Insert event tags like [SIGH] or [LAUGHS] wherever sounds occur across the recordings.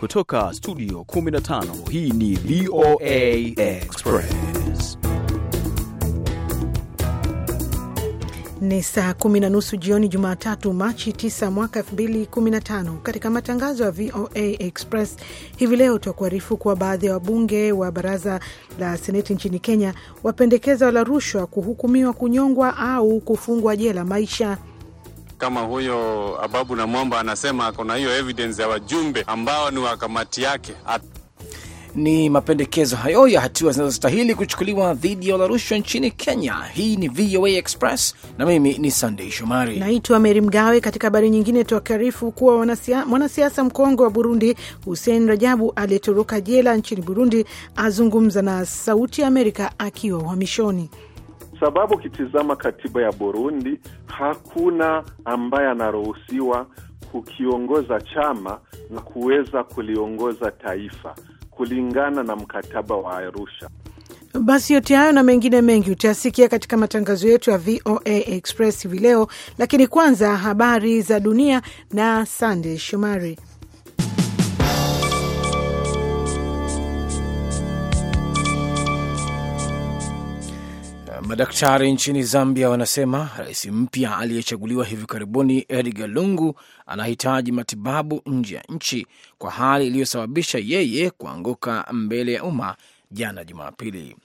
Kutoka studio 15 hii ni VOA Express. Ni saa kumi na nusu jioni Jumatatu, Machi 9 mwaka 2015. Katika matangazo ya VOA Express hivi leo, tutakuarifu kuwa baadhi ya wabunge wa baraza la seneti nchini Kenya wapendekeza wala rushwa kuhukumiwa kunyongwa au kufungwa jela maisha kama huyo Ababu na Mwamba anasema kuna hiyo evidence ya wajumbe ambao ni wa kamati yake At ni mapendekezo hayo ya hatua zinazostahili kuchukuliwa dhidi ya ularushwa nchini Kenya. Hii ni VOA Express na mimi ni Sandei Shomari. Naitwa Meri Mgawe. Katika habari nyingine, tuwakarifu kuwa mwanasiasa mkongwe wa Burundi Hussein Rajabu aliyetoroka jela nchini Burundi azungumza na Sauti ya Amerika akiwa uhamishoni sababu ukitizama katiba ya Burundi hakuna ambaye anaruhusiwa kukiongoza chama na kuweza kuliongoza taifa kulingana na mkataba wa Arusha. Basi yote hayo na mengine mengi utayasikia katika matangazo yetu ya VOA Express hivi leo, lakini kwanza habari za dunia na Sandey Shomari. Madaktari nchini Zambia wanasema rais mpya aliyechaguliwa hivi karibuni Edgar Lungu anahitaji matibabu nje ya nchi kwa hali iliyosababisha yeye kuanguka mbele ya umma jana Jumapili.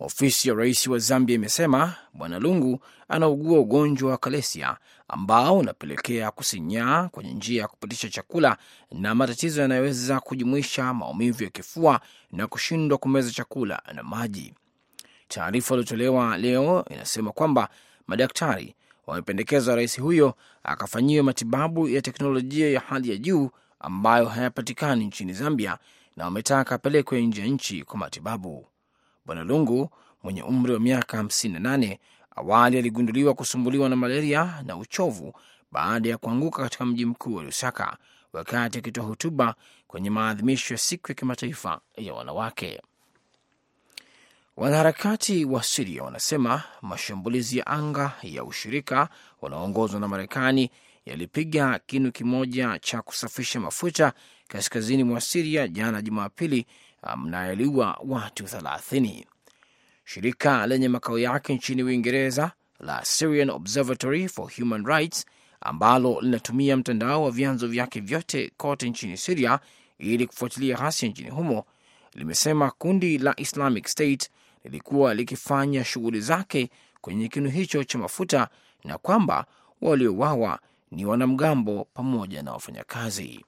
Ofisi ya rais wa Zambia imesema bwana Lungu anaugua ugonjwa wa kalesia ambao unapelekea kusinyaa kwenye njia ya kupitisha chakula na matatizo yanayoweza kujumuisha maumivu ya kifua na kushindwa kumeza chakula na maji. Taarifa iliyotolewa leo inasema kwamba madaktari wamependekeza rais huyo akafanyiwe matibabu ya teknolojia ya hali ya juu ambayo hayapatikani nchini Zambia, na wametaka apelekwe nje ya nchi kwa matibabu. Bwana Lungu mwenye umri wa miaka 58 awali aligunduliwa kusumbuliwa na malaria na uchovu baada ya kuanguka katika mji mkuu wa Lusaka wakati akitoa hotuba kwenye maadhimisho ya siku ya kimataifa ya wanawake. Wanaharakati wa Siria wanasema mashambulizi ya anga ya ushirika wanaoongozwa na Marekani yalipiga kinu kimoja cha kusafisha mafuta kaskazini mwa Siria jana Jumapili na yaliua watu thelathini. Shirika lenye makao yake nchini Uingereza la Syrian Observatory for Human Rights ambalo linatumia mtandao wa vyanzo vyake vyote kote nchini Siria ili kufuatilia ghasia nchini humo limesema kundi la Islamic State lilikuwa likifanya shughuli zake kwenye kinu hicho cha mafuta na kwamba waliowawa ni wanamgambo pamoja na wafanyakazi.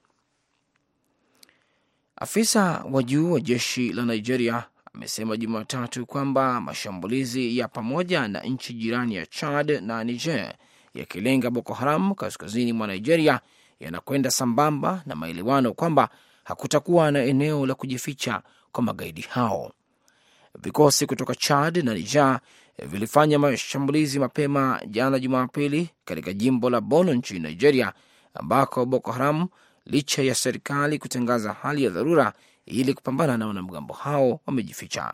Afisa wa juu wa jeshi la Nigeria amesema Jumatatu kwamba mashambulizi ya pamoja na nchi jirani ya Chad na Niger yakilenga Boko Haram kaskazini mwa Nigeria yanakwenda sambamba na maelewano kwamba hakutakuwa na eneo la kujificha kwa magaidi hao. Vikosi kutoka Chad na Niger vilifanya mashambulizi mapema jana Jumapili katika jimbo la bono nchini Nigeria, ambako Boko Haram licha ya serikali kutangaza hali ya dharura ili kupambana na wanamgambo hao wamejificha.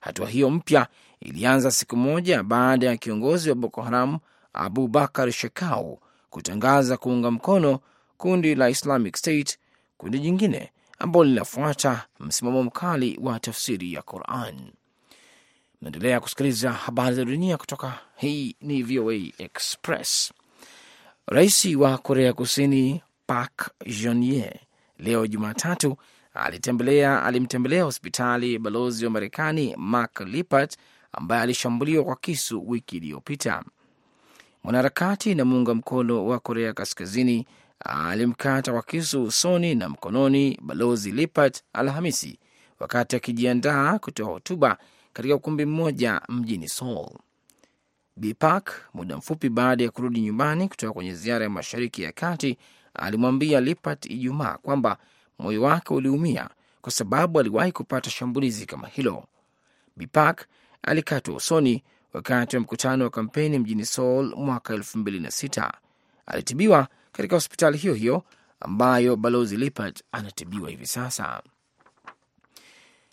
Hatua hiyo mpya ilianza siku moja baada ya kiongozi wa Boko Haram Abu Bakar Shekau kutangaza kuunga mkono kundi la Islamic State, kundi jingine ambalo linafuata msimamo mkali wa tafsiri ya Quran. Naendelea kusikiliza habari za dunia kutoka hii ni VOA Express. Rais wa Korea Kusini Park jonie leo Jumatatu alitembelea alimtembelea hospitali balozi wa Marekani Mark Lippert ambaye alishambuliwa kwa kisu wiki iliyopita. Mwanaharakati na muunga mkono wa Korea Kaskazini alimkata kwa kisu usoni na mkononi balozi Lippert Alhamisi wakati akijiandaa kutoa hotuba katika ukumbi mmoja mjini Seoul. Bipak, muda mfupi baada ya kurudi nyumbani kutoka kwenye ziara ya Mashariki ya Kati alimwambia Lipat Ijumaa kwamba moyo wake uliumia kwa sababu aliwahi kupata shambulizi kama hilo. Bipak alikatwa usoni wakati wa mkutano wa kampeni mjini Seoul mwaka 26 Alitibiwa katika hospitali hiyo hiyo ambayo Balozi Lipat anatibiwa hivi sasa.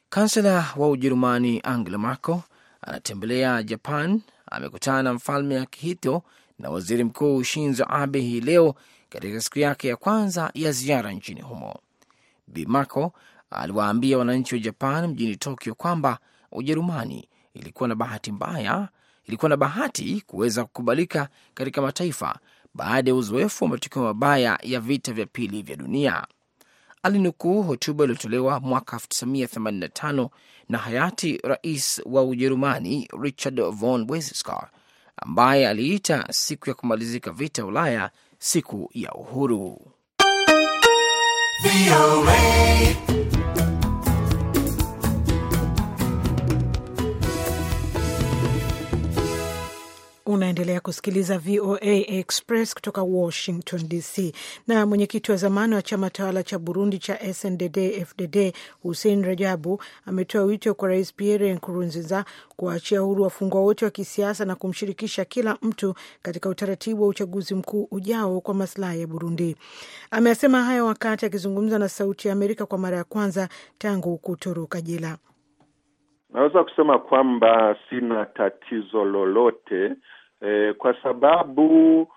Kansela wa Ujerumani Angela Merkel anatembelea Japan. Amekutana na mfalme Akihito na waziri mkuu Shinzo Abe hii leo katika siku yake ya kwanza ya ziara nchini humo. Bi Merkel aliwaambia wananchi wa Japan mjini Tokyo kwamba Ujerumani ilikuwa na bahati mbaya, ilikuwa na bahati kuweza kukubalika katika mataifa baada ya uzoefu wa matukio mabaya ya vita vya pili vya dunia alinukuu hotuba iliyotolewa mwaka 1985 na hayati rais wa Ujerumani Richard von Weizsäcker ambaye aliita siku ya kumalizika vita Ulaya siku ya uhuru. Unaendelea kusikiliza VOA Express kutoka Washington DC. Na mwenyekiti wa zamani wa chama tawala cha Burundi cha SNDD FDD Hussein Rajabu ametoa wito kwa Rais Pierre Nkurunziza kuwaachia huru wafungwa wote wa kisiasa na kumshirikisha kila mtu katika utaratibu wa uchaguzi mkuu ujao kwa masilahi ya Burundi. ameasema hayo wakati akizungumza na Sauti ya Amerika kwa mara ya kwanza tangu kutoroka jela. Naweza kusema kwamba sina tatizo lolote e, kwa sababu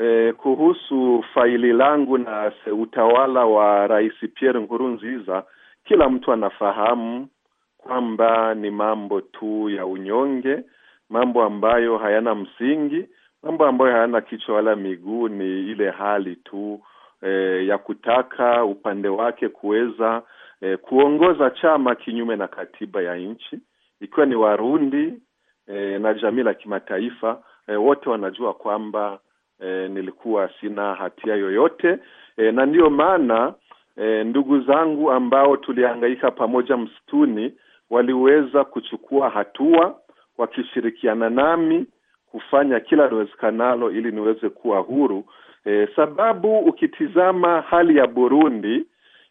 e, kuhusu faili langu na utawala wa Rais Pierre Nkurunziza, kila mtu anafahamu kwamba ni mambo tu ya unyonge, mambo ambayo hayana msingi, mambo ambayo hayana kichwa wala miguu. Ni ile hali tu e, ya kutaka upande wake kuweza e, kuongoza chama kinyume na katiba ya nchi, ikiwa ni Warundi e, na jamii la kimataifa e, wote wanajua kwamba e, nilikuwa sina hatia yoyote e, na ndiyo maana e, ndugu zangu ambao tulihangaika pamoja msituni waliweza kuchukua hatua wakishirikiana nami kufanya kila liwezekanalo ili niweze kuwa huru e, sababu ukitizama hali ya Burundi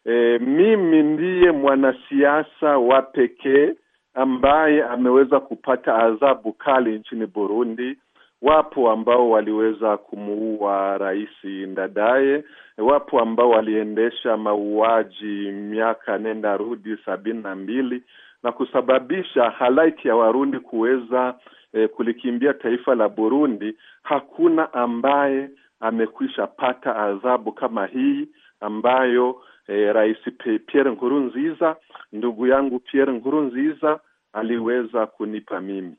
e, mimi ndiye mwanasiasa wa pekee ambaye ameweza kupata adhabu kali nchini Burundi Wapo ambao waliweza kumuua Rais Ndadaye, wapo ambao waliendesha mauaji miaka nenda rudi sabini na mbili na kusababisha halaiki ya Warundi kuweza eh, kulikimbia taifa la Burundi. Hakuna ambaye amekwisha pata adhabu kama hii ambayo eh, Rais Pierre Nkurunziza, ndugu yangu Pierre Nkurunziza aliweza kunipa mimi.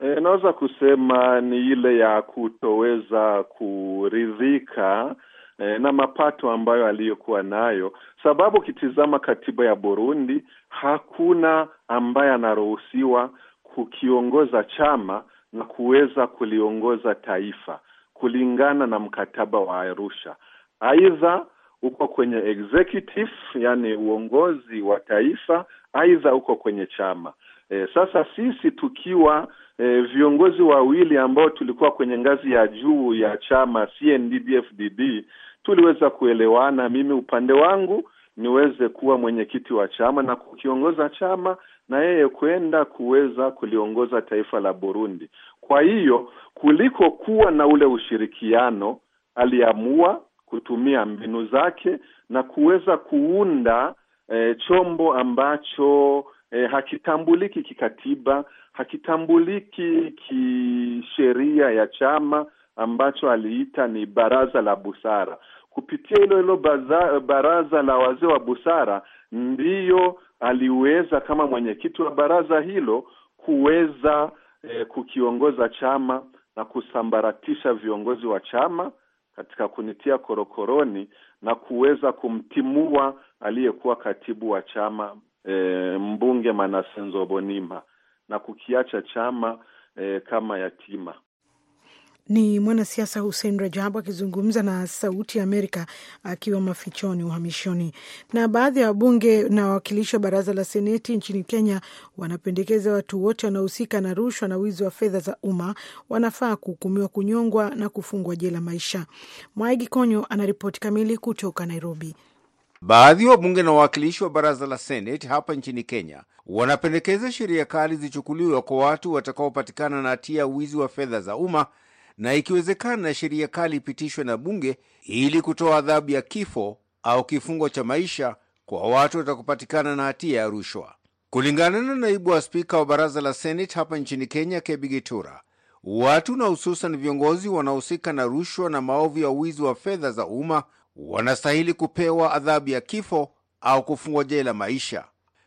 E, naweza kusema ni ile ya kutoweza kuridhika e, na mapato ambayo aliyokuwa nayo, sababu ukitizama katiba ya Burundi hakuna ambaye anaruhusiwa kukiongoza chama na kuweza kuliongoza taifa kulingana na mkataba wa Arusha. Aidha uko kwenye executive, yani uongozi wa taifa, aidha uko kwenye chama. E, sasa sisi tukiwa e, viongozi wawili ambao tulikuwa kwenye ngazi ya juu ya chama CNDD-FDD tuliweza kuelewana, mimi upande wangu niweze kuwa mwenyekiti wa chama na kukiongoza chama na yeye kwenda kuweza kuliongoza taifa la Burundi. Kwa hiyo kuliko kuwa na ule ushirikiano, aliamua kutumia mbinu zake na kuweza kuunda e, chombo ambacho e, hakitambuliki kikatiba, hakitambuliki kisheria ya chama ambacho aliita ni baraza la busara. Kupitia hilo hilo baraza la wazee wa busara, ndiyo aliweza kama mwenyekiti wa baraza hilo kuweza e, kukiongoza chama na kusambaratisha viongozi wa chama katika kunitia korokoroni na kuweza kumtimua aliyekuwa katibu wa chama e, mbunge Manasenzo Bonima na kukiacha chama e, kama yatima. Ni mwanasiasa Hussein Rajabu akizungumza na Sauti ya Amerika akiwa mafichoni uhamishoni. Na baadhi ya wabunge na wawakilishi wa baraza la seneti nchini Kenya wanapendekeza watu wote wanaohusika na rushwa na wizi wa fedha za umma wanafaa kuhukumiwa kunyongwa na kufungwa jela maisha. Mwaigi Konyo anaripoti kamili kutoka Nairobi. Baadhi wa bunge na wawakilishi wa baraza la seneti hapa nchini Kenya wanapendekeza sheria kali zichukuliwe kwa watu watakaopatikana na hatia ya wizi wa fedha za umma, na ikiwezekana sheria kali ipitishwe na bunge ili kutoa adhabu ya kifo au kifungo cha maisha kwa watu watakaopatikana na hatia ya rushwa. Kulingana na naibu wa spika wa baraza la seneti hapa nchini Kenya, Kebi Gitura, watu na hususan viongozi wanaohusika na rushwa na maovu ya wizi wa fedha za umma wanastahili kupewa adhabu ya kifo au kufungwa jela maisha.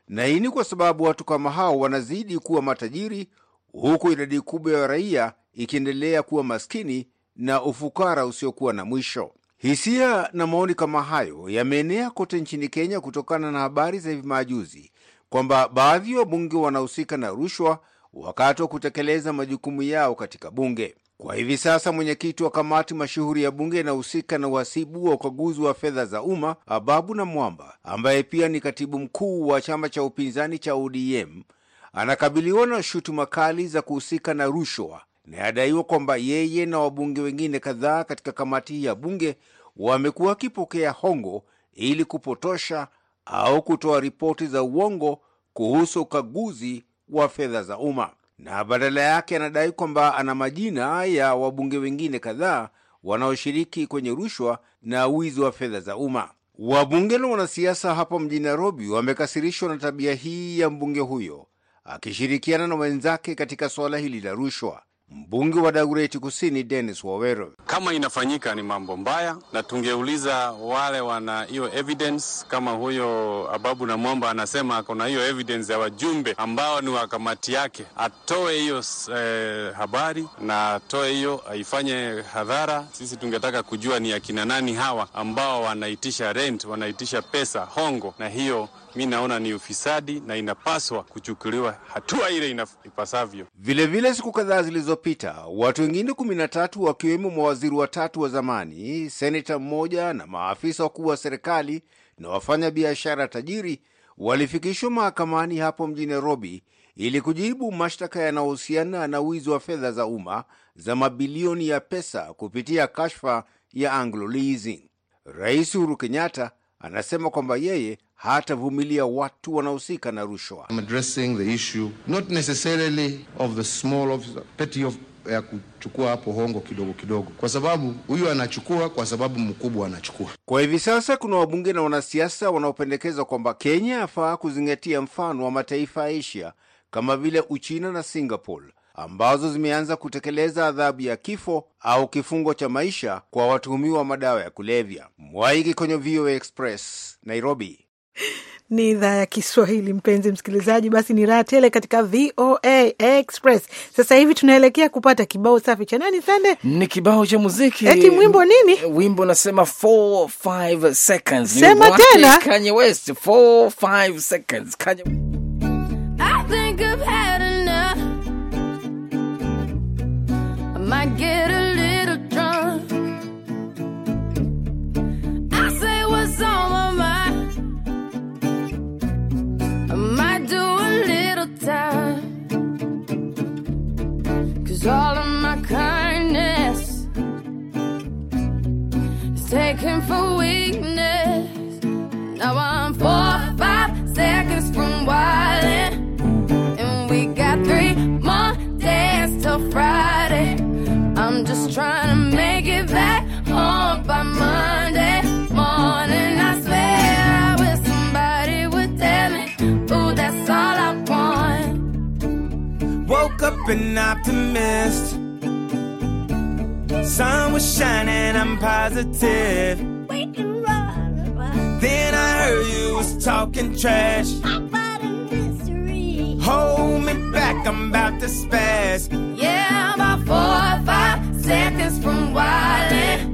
Na hii ni kwa sababu watu kama hao wanazidi kuwa matajiri, huku idadi kubwa ya raia ikiendelea kuwa maskini na ufukara usiokuwa na mwisho. Hisia na maoni kama hayo yameenea kote nchini Kenya kutokana na habari za hivi majuzi kwamba baadhi ya wabunge wanahusika na rushwa wakati wa kutekeleza majukumu yao katika bunge. Kwa hivi sasa mwenyekiti wa kamati mashuhuri ya bunge inahusika na uhasibu wa ukaguzi wa fedha za umma Ababu na Mwamba, ambaye pia ni katibu mkuu wa chama cha upinzani cha ODM, anakabiliwa na shutuma kali za kuhusika na rushwa na yadaiwa kwamba yeye na wabunge wengine kadhaa katika kamati hii ya bunge wamekuwa wakipokea hongo ili kupotosha au kutoa ripoti za uongo kuhusu ukaguzi wa fedha za umma na badala yake anadai kwamba ana majina ya wabunge wengine kadhaa wanaoshiriki kwenye rushwa na wizi wa fedha za umma. Wabunge na wanasiasa hapa mjini Nairobi wamekasirishwa na tabia hii ya mbunge huyo akishirikiana na wenzake katika suala hili la rushwa. Mbunge wa dagureti Kusini Dennis Wawero. Kama inafanyika ni mambo mbaya, na tungeuliza wale wana hiyo evidence. Kama huyo Ababu na Mwamba anasema kuna hiyo evidence ya wajumbe ambao ni wa kamati yake, atoe hiyo eh, habari na atoe hiyo aifanye hadhara. Sisi tungetaka kujua ni akina nani hawa ambao wanaitisha rent, wanaitisha pesa hongo, na hiyo mi naona ni ufisadi na inapaswa kuchukuliwa hatua ile ipasavyo. Vilevile, siku kadhaa zilizopita watu wengine kumi na tatu wakiwemo mawaziri watatu wa zamani, seneta mmoja na maafisa wakuu wa serikali na wafanya biashara tajiri walifikishwa mahakamani hapo mjini Nairobi ili kujibu mashtaka yanayohusiana na wizi wa fedha za umma za mabilioni ya pesa kupitia kashfa ya Anglo Leasing. Rais Uhuru Kenyatta anasema kwamba yeye hatavumilia watu wanaohusika na rushwa. addressing the issue not necessarily of the small officer, petty of ya kuchukua hapo hongo kidogo kidogo, kwa sababu huyu anachukua kwa sababu mkubwa anachukua. Kwa hivi sasa kuna wabunge na wanasiasa wanaopendekeza kwamba Kenya afaa kuzingatia mfano wa mataifa ya Asia kama vile Uchina na Singapore ambazo zimeanza kutekeleza adhabu ya kifo au kifungo cha maisha kwa watuhumiwa wa madawa ya kulevya. Mwaiki kwenye VOA Express, Nairobi. [LAUGHS] Ni idhaa ya Kiswahili, mpenzi msikilizaji, basi ni raha tele katika VOA Express. Sasa hivi tunaelekea kupata kibao safi cha nani, Sande? Ni kibao cha muziki. Eti mwimbo nini? Wimbo nasema 45 seconds. Sema tena. Kanye West 45 seconds. Kanye... I think I've had enough. I might get Cause all of my kindness is taken for weakness. Now i an optimist. Sun was shining, I'm positive. Then I heard you was talking trash. Hold me back, I'm about to spaz. Yeah, I'm about four or five seconds from wildin'.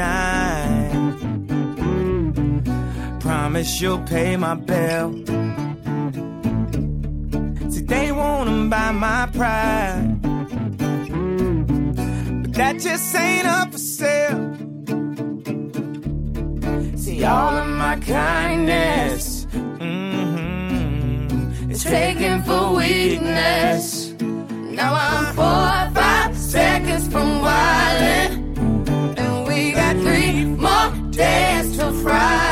tonight. Promise you'll pay my bill. See, they wanna buy my pride. But that just ain't up for sale. See, all of my kindness mm-hmm, it's taken for weakness. Now I'm four or five seconds from wildin' days till Friday.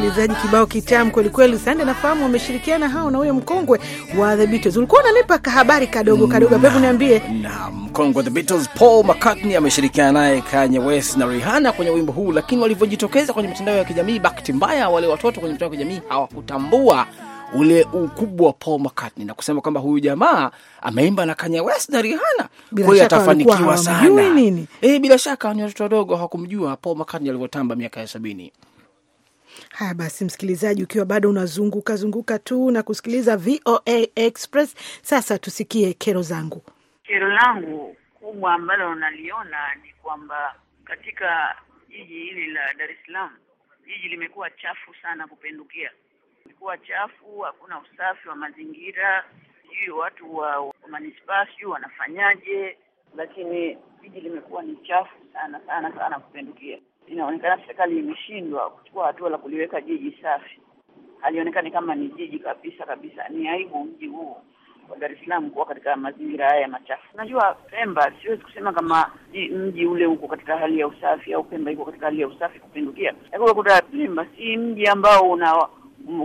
msikilizaji, kibao kitamu kwelikweli. Sande, nafahamu wameshirikiana hao na huyo mkongwe wa The Beatles. Ulikuwa unanipa kahabari kadogo kadogo, hebu niambie. Na mkongwe The Beatles Paul McCartney ameshirikiana naye Kanye West na Rihanna kwenye wimbo huu, lakini walivyojitokeza kwenye mitandao ya kijamii, bahati mbaya wale watoto kwenye mitandao ya kijamii hawakutambua ule ukubwa wa Paul McCartney na kusema kwamba huyu jamaa ameimba na Kanye West na Rihanna, kwa hiyo atafanikiwa sana. E, bila shaka ni watoto wadogo hawakumjua Paul McCartney alivyotamba miaka ya sabini. Haya basi, msikilizaji, ukiwa bado unazunguka zunguka tu na kusikiliza VOA Express, sasa tusikie kero zangu. Kero langu kubwa ambalo unaliona ni kwamba katika jiji hili la Dar es Salaam, jiji limekuwa chafu sana kupindukia. Limekuwa chafu, hakuna usafi wa mazingira, sijui watu wa, wa manispaa sijui wanafanyaje, lakini jiji limekuwa ni chafu sana sana sana kupindukia inaonekana serikali imeshindwa kuchukua hatua la kuliweka jiji safi. Halionekani kama ni jiji kabisa kabisa. Ni aibu mji huu wa Dar es Salaam kuwa katika mazingira haya machafu. Unajua Pemba, siwezi kusema kama mji ule uko katika hali ya usafi au Pemba iko katika hali ya usafi kupindukia, lakini kuta Pemba si mji ambao una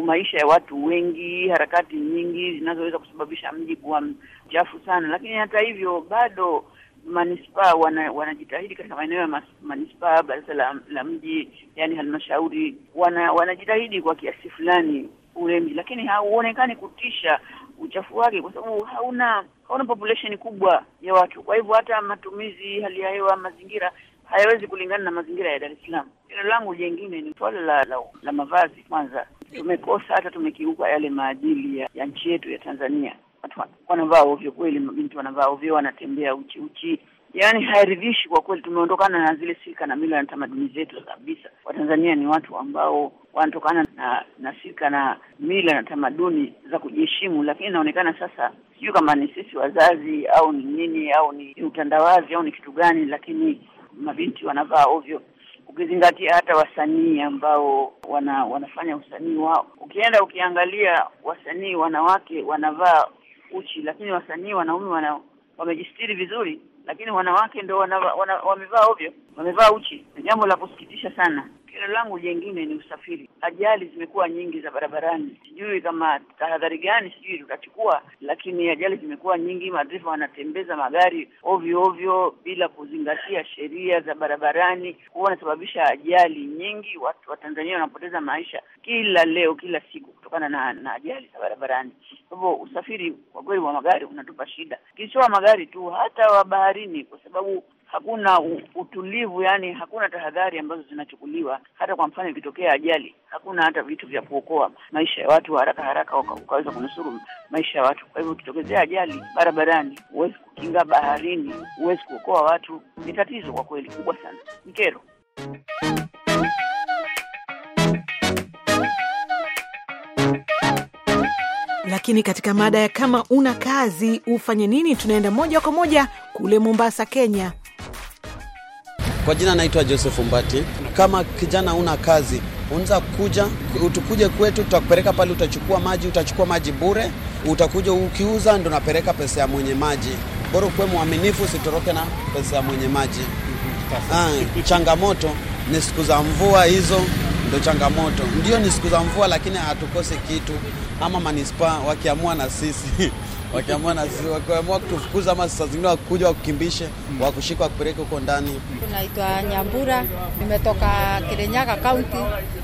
maisha ya watu wengi, harakati nyingi zinazoweza kusababisha mji kuwa mchafu sana. Lakini hata hivyo bado manispaa wana, wanajitahidi katika maeneo ya manispaa, baraza la, la mji, yani halmashauri, wana, wanajitahidi kwa kiasi fulani ule mji, lakini hauonekani kutisha uchafu wake kwa sababu hauna hauna population kubwa ya watu. Kwa hivyo hata matumizi, hali ya hewa, mazingira hayawezi kulingana na mazingira ya Dar es Salaam. langu jengine ni swala la, la, la mavazi. Kwanza tumekosa hata tumekiuka yale maadili ya, ya nchi yetu ya Tanzania wanavaa ovyo kweli, mabinti wanavaa ovyo, wanatembea uchi uchi, yaani hairidhishi kwa kweli. Tumeondokana na zile silka na mila na tamaduni zetu kabisa. Watanzania ni watu ambao wanatokana na na silka na mila na tamaduni za kujiheshimu, lakini inaonekana sasa, sijui kama ni sisi wazazi au ni nini au ni utandawazi au ni kitu gani, lakini mabinti wanavaa ovyo ukizingatia hata wasanii ambao wana wanafanya usanii wao, ukienda ukiangalia wasanii wanawake wanavaa uchi, lakini wasanii wanaume wana wamejistiri vizuri, lakini wanawake ndo wana, wana, wamevaa ovyo, wamevaa uchi. Jambo la kusikitisha sana. Kero langu jengine ni usafiri. Ajali zimekuwa nyingi za barabarani, sijui kama tahadhari gani sijui tutachukua, lakini ajali zimekuwa nyingi. Madereva wanatembeza magari ovyo ovyo bila kuzingatia sheria za barabarani, huwa wanasababisha ajali nyingi. Watu wa Tanzania wanapoteza maisha kila leo, kila siku kutokana na, na ajali za barabarani. Kwa hivyo usafiri kwa kweli wa magari unatupa shida, kisiwa magari tu, hata wa baharini, kwa sababu hakuna utulivu, yani hakuna tahadhari ambazo zinachukuliwa. Hata kwa mfano ikitokea ajali, hakuna hata vitu vya kuokoa maisha ya watu haraka haraka ukaweza kunusuru maisha ya watu. Kwa hivyo ukitokezea ajali barabarani, huwezi kukinga, baharini huwezi kuokoa watu. Ni tatizo kwa kweli kubwa sana, ni kero. Lakini katika mada ya kama una kazi ufanye nini, tunaenda moja kwa moja kule Mombasa, Kenya. Kwa jina naitwa Joseph Mbati. Kama kijana una kazi, unza kuja utukuje kwetu, tutakupeleka pale, utachukua maji, utachukua maji bure, utakuja ukiuza, ndo napeleka pesa ya mwenye maji. Bora kuwe mwaminifu, usitoroke na pesa ya mwenye maji. Ah, changamoto ni siku za mvua hizo ndo changamoto. Ndio, ni siku za mvua, lakini hatukose kitu ama manispaa wakiamua na sisi [LAUGHS] wakiamua na wakiamua kutufukuza ama saa zingine wakuja wakukimbishe mm. wakushika wakupeleke huko ndani. Tunaitwa Nyambura, nimetoka Kirinyaga kaunti,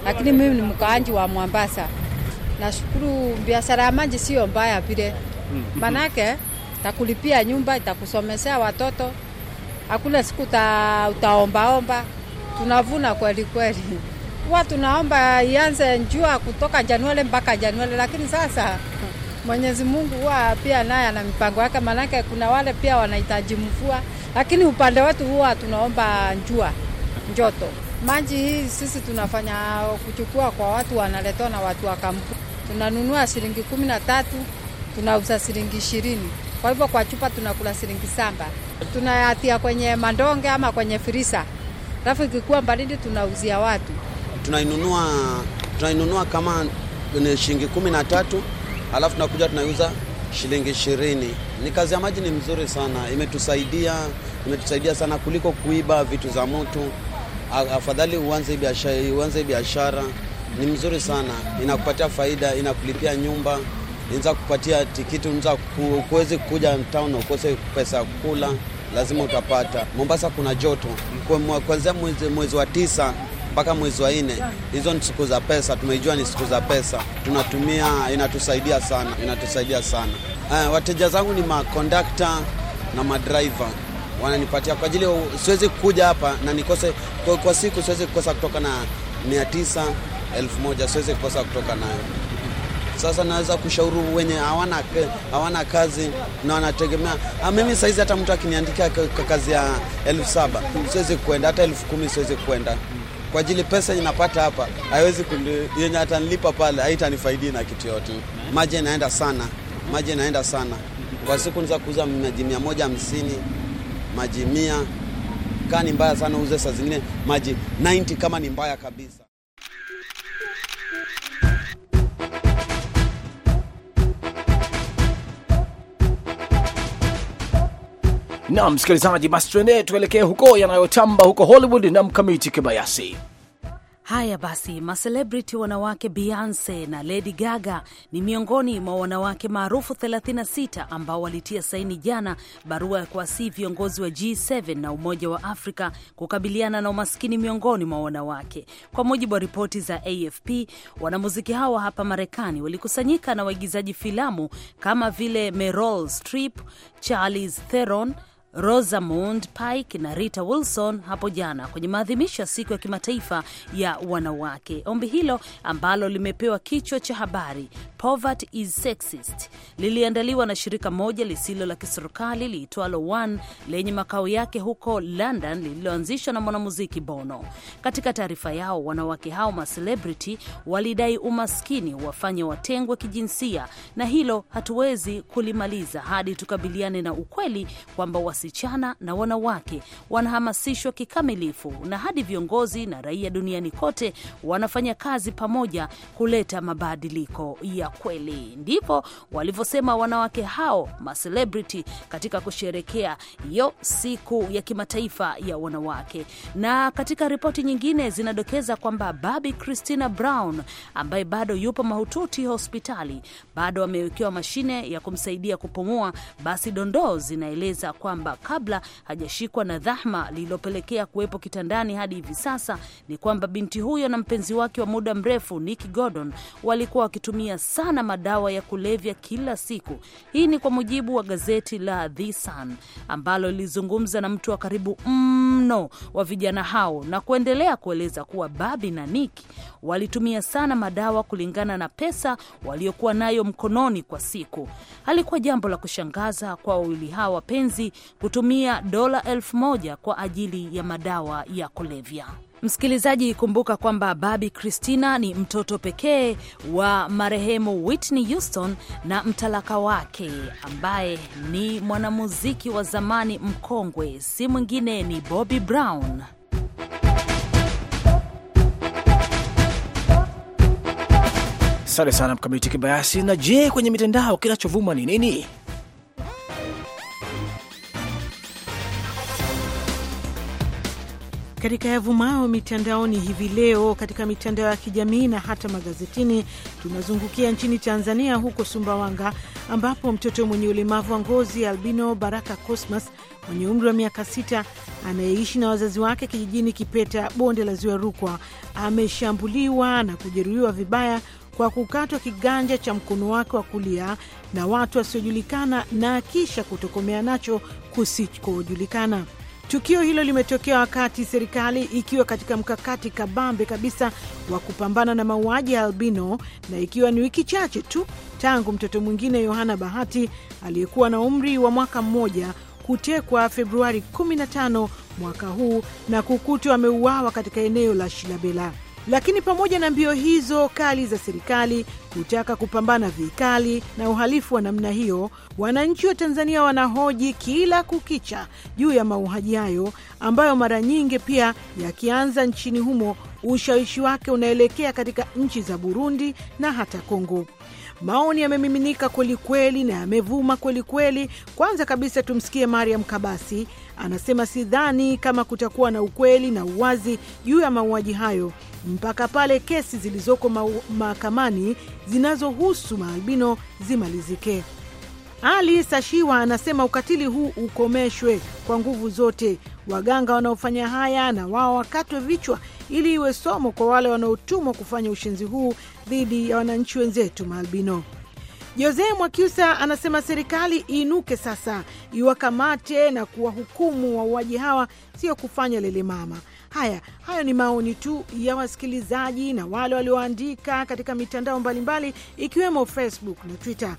lakini mimi ni mkaanji wa Mwambasa. Nashukuru biashara ya maji sio mbaya vile, mm. manake takulipia nyumba, itakusomesea watoto, hakuna siku utaombaomba. Tunavuna kweli kweli huwa tunaomba ianze njua kutoka Januari mpaka Januari, lakini sasa Mwenyezi Mungu huwa pia naye ana mipango yake, maanake kuna wale pia wanahitaji mvua, lakini upande wetu huwa tunaomba njua njoto. Maji hii sisi tunafanya kuchukua kwa watu, wanaletwa na watu wa kampu, tunanunua shilingi kumi na tatu tunauza shilingi ishirini. Kwa hivyo kwa chupa tunakula shilingi samba, tunayatia kwenye mandonge ama kwenye firisa, alafu ikikuwa baridi tunauzia watu. Tunainunua tunainunua kama shilingi kumi na tatu alafu tunakuja tunauza shilingi ishirini. Ni kazi ya maji, ni mzuri sana, imetusaidia imetusaidia sana kuliko kuiba vitu za mtu. Afadhali uanze biashara, uanze biashara ni mzuri sana, inakupatia faida, inakulipia nyumba, inza kupatia tikiti, unza kuwezi kuja town ukose pesa kula, lazima utapata. Mombasa kuna joto kuanzia mwezi, mwezi wa tisa mpaka mwezi wa nne. Hizo ni siku za pesa, tumejua ni siku za pesa, tunatumia inatusaidia sana, inatusaidia sana. Uh, wateja zangu ni makondakta na madriver wananipatia kwa ajili, siwezi kuja hapa na nikose kwa, kwa siku siwezi kukosa kutoka na mia tisa elfu moja siwezi kukosa kutoka nayo. Sasa naweza kushauri wenye hawana hawana kazi na wanategemea ah, mimi. Saizi hata mtu akiniandikia kazi ya elfu saba siwezi kuenda, hata elfu kumi siwezi kuenda kwa ajili pesa inapata hapa haiwezi yenye atanilipa pale haitanifaidi na kitu yote. Maji inaenda sana, maji inaenda sana kwa siku niza kuuza maji mia moja hamsini maji mia kaa ni mbaya sana, uze saa zingine maji 90 kama ni mbaya kabisa. na msikilizaji, basi tuende tuelekee huko yanayotamba huko Hollywood na mkamiti Kibayasi. Haya basi, maselebriti wanawake Beyonce na Lady Gaga ni miongoni mwa wanawake maarufu 36 ambao walitia saini jana barua ya kuasii viongozi wa G7 na Umoja wa Afrika kukabiliana na umaskini miongoni mwa wanawake. Kwa mujibu wa ripoti za AFP, wanamuziki hawa hapa Marekani walikusanyika na waigizaji filamu kama vile Meryl Streep, Charlize Theron Rosamund Pike na Rita Wilson hapo jana kwenye maadhimisho ya siku ya kimataifa ya wanawake. Ombi hilo ambalo limepewa kichwa cha habari Poverty is Sexist liliandaliwa na shirika moja lisilo la kiserikali liitwalo One lenye makao yake huko London, lililoanzishwa na mwanamuziki Bono. Katika taarifa yao, wanawake hao macelebrity walidai umaskini wafanye watengwe kijinsia, na hilo hatuwezi kulimaliza hadi tukabiliane na ukweli kwamba wasichana na wanawake wanahamasishwa kikamilifu, na hadi viongozi na raia duniani kote wanafanya kazi pamoja kuleta mabadiliko ya kweli. Ndipo walivyosema wanawake hao macelebrity katika kusherekea hiyo siku ya kimataifa ya wanawake. Na katika ripoti nyingine zinadokeza kwamba Babi Christina Brown ambaye bado yupo mahututi hospitali, bado amewekewa mashine ya kumsaidia kupumua, basi dondoo zinaeleza kwamba kwamba kabla hajashikwa na dhahma lililopelekea kuwepo kitandani hadi hivi sasa ni kwamba binti huyo na mpenzi wake wa muda mrefu Nick Gordon walikuwa wakitumia sana madawa ya kulevya kila siku. Hii ni kwa mujibu wa gazeti la The Sun ambalo lilizungumza na mtu wa karibu mno wa vijana hao na kuendelea kueleza kuwa Babi na Nick walitumia sana madawa kulingana na pesa waliokuwa nayo mkononi kwa siku. Halikuwa jambo la kushangaza kwa wawili hawa wapenzi kutumia dola elfu moja kwa ajili ya madawa ya kulevya. Msikilizaji, kumbuka kwamba Babi Christina ni mtoto pekee wa marehemu Whitney Houston na mtalaka wake ambaye ni mwanamuziki wa zamani mkongwe, si mwingine ni Bobby Brown. Asante sana Mkamiti Kibayasi. Na je, kwenye mitandao kinachovuma ni nini? katika yavumao mitandaoni hivi leo. Katika mitandao ya kijamii na hata magazetini, tunazungukia nchini Tanzania, huko Sumbawanga, ambapo mtoto mwenye ulemavu wa ngozi albino Baraka Cosmas mwenye umri wa miaka sita anayeishi na wazazi wake kijijini Kipeta, bonde la ziwa Rukwa, ameshambuliwa na kujeruhiwa vibaya kwa kukatwa kiganja cha mkono wake wa kulia na watu wasiojulikana na kisha kutokomea nacho kusikojulikana. Tukio hilo limetokea wakati serikali ikiwa katika mkakati kabambe kabisa wa kupambana na mauaji ya albino na ikiwa ni wiki chache tu tangu mtoto mwingine Yohana Bahati aliyekuwa na umri wa mwaka mmoja kutekwa Februari 15 mwaka huu na kukutwa ameuawa katika eneo la Shilabela. Lakini pamoja na mbio hizo kali za serikali kutaka kupambana vikali na uhalifu wa namna hiyo, wananchi wa Tanzania wanahoji kila kukicha juu ya mauaji hayo ambayo mara nyingi pia yakianza nchini humo, ushawishi wake unaelekea katika nchi za Burundi na hata Kongo. Maoni yamemiminika kwelikweli na yamevuma kwelikweli. Kwanza kabisa tumsikie Mariam Kabasi anasema, sidhani kama kutakuwa na ukweli na uwazi juu ya mauaji hayo mpaka pale kesi zilizoko mahakamani zinazohusu maalbino zimalizike. Ali Sashiwa anasema ukatili huu ukomeshwe kwa nguvu zote, Waganga wanaofanya haya na wao wakatwe vichwa, ili iwe somo kwa wale wanaotumwa kufanya ushenzi huu dhidi ya wananchi wenzetu maalbino. Jose mwakiusa anasema serikali iinuke sasa, iwakamate na kuwahukumu wauaji hawa, sio kufanya lele mama. Haya, hayo ni maoni tu ya wasikilizaji na wale walioandika katika mitandao mbalimbali ikiwemo Facebook na Twitter.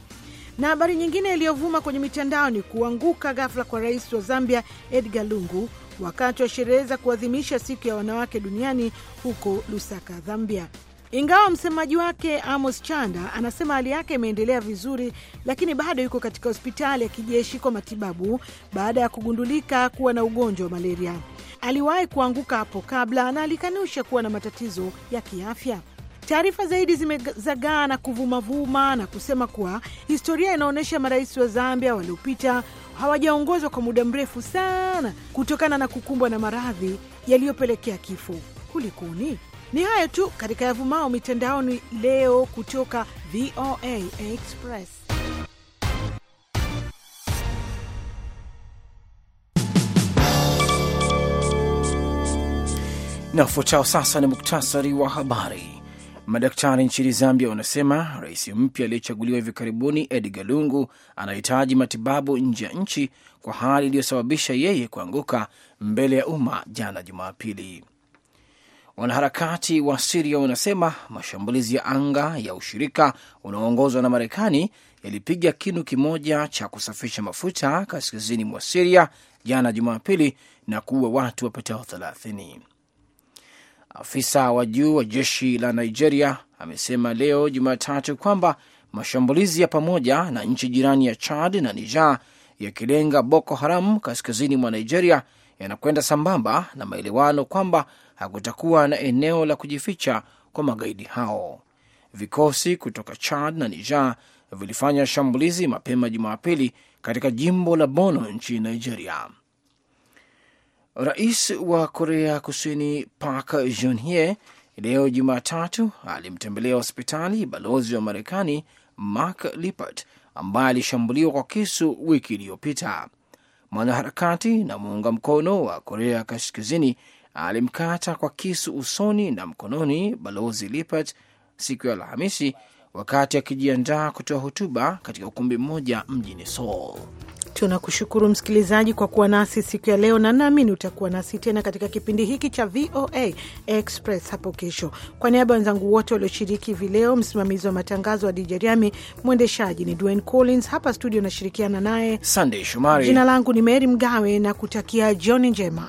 Na habari nyingine iliyovuma kwenye mitandao ni kuanguka ghafla kwa rais wa Zambia Edgar Lungu wakati wa sherehe za kuadhimisha siku ya wanawake duniani huko Lusaka, Zambia. Ingawa msemaji wake Amos Chanda anasema hali yake imeendelea vizuri, lakini bado yuko katika hospitali ya kijeshi kwa matibabu baada ya kugundulika kuwa na ugonjwa wa malaria. Aliwahi kuanguka hapo kabla na alikanusha kuwa na matatizo ya kiafya. Taarifa zaidi zimezagaa na kuvumavuma na kusema kuwa historia inaonyesha marais wa Zambia waliopita hawajaongozwa kwa muda mrefu sana kutokana na kukumbwa na maradhi yaliyopelekea kifo. Kulikoni? Ni hayo tu katika yavumao mitandaoni leo kutoka VOA Express. Na ufuatao sasa ni muktasari wa habari. Madaktari nchini Zambia wanasema rais mpya aliyechaguliwa hivi karibuni Edgar Lungu anahitaji matibabu nje ya nchi kwa hali iliyosababisha yeye kuanguka mbele ya umma jana Jumapili. Wanaharakati wa Siria wanasema mashambulizi ya anga ya ushirika unaoongozwa na Marekani yalipiga kinu kimoja cha kusafisha mafuta kaskazini mwa Siria jana Jumapili na kuua watu wapatao thelathini. Afisa wa juu wa jeshi la Nigeria amesema leo Jumatatu kwamba mashambulizi ya pamoja na nchi jirani ya Chad na Niger yakilenga Boko Haram kaskazini mwa Nigeria yanakwenda sambamba na maelewano kwamba hakutakuwa na eneo la kujificha kwa magaidi hao. Vikosi kutoka Chad na Niger vilifanya shambulizi mapema Jumapili katika jimbo la Bono nchini Nigeria. Rais wa Korea Kusini Park geun leo Jumatatu alimtembelea hospitali balozi wa Marekani Mark Lippert ambaye alishambuliwa kwa kisu wiki iliyopita. Mwanaharakati na muunga mkono wa Korea Kaskazini alimkata kwa kisu usoni na mkononi balozi Lippert siku ya Alhamisi wakati akijiandaa kutoa hotuba katika ukumbi mmoja mjini Seoul. Tunakushukuru msikilizaji kwa kuwa nasi siku ya leo, na naamini utakuwa nasi tena katika kipindi hiki cha VOA Express hapo kesho. Kwa niaba ya wenzangu wote walioshiriki hivi leo, msimamizi wa matangazo wa DJ Riami, mwendeshaji ni Dwayne Collins, hapa studio nashirikiana naye Sandey Shumari. Jina langu ni Mary Mgawe na kutakia jioni njema.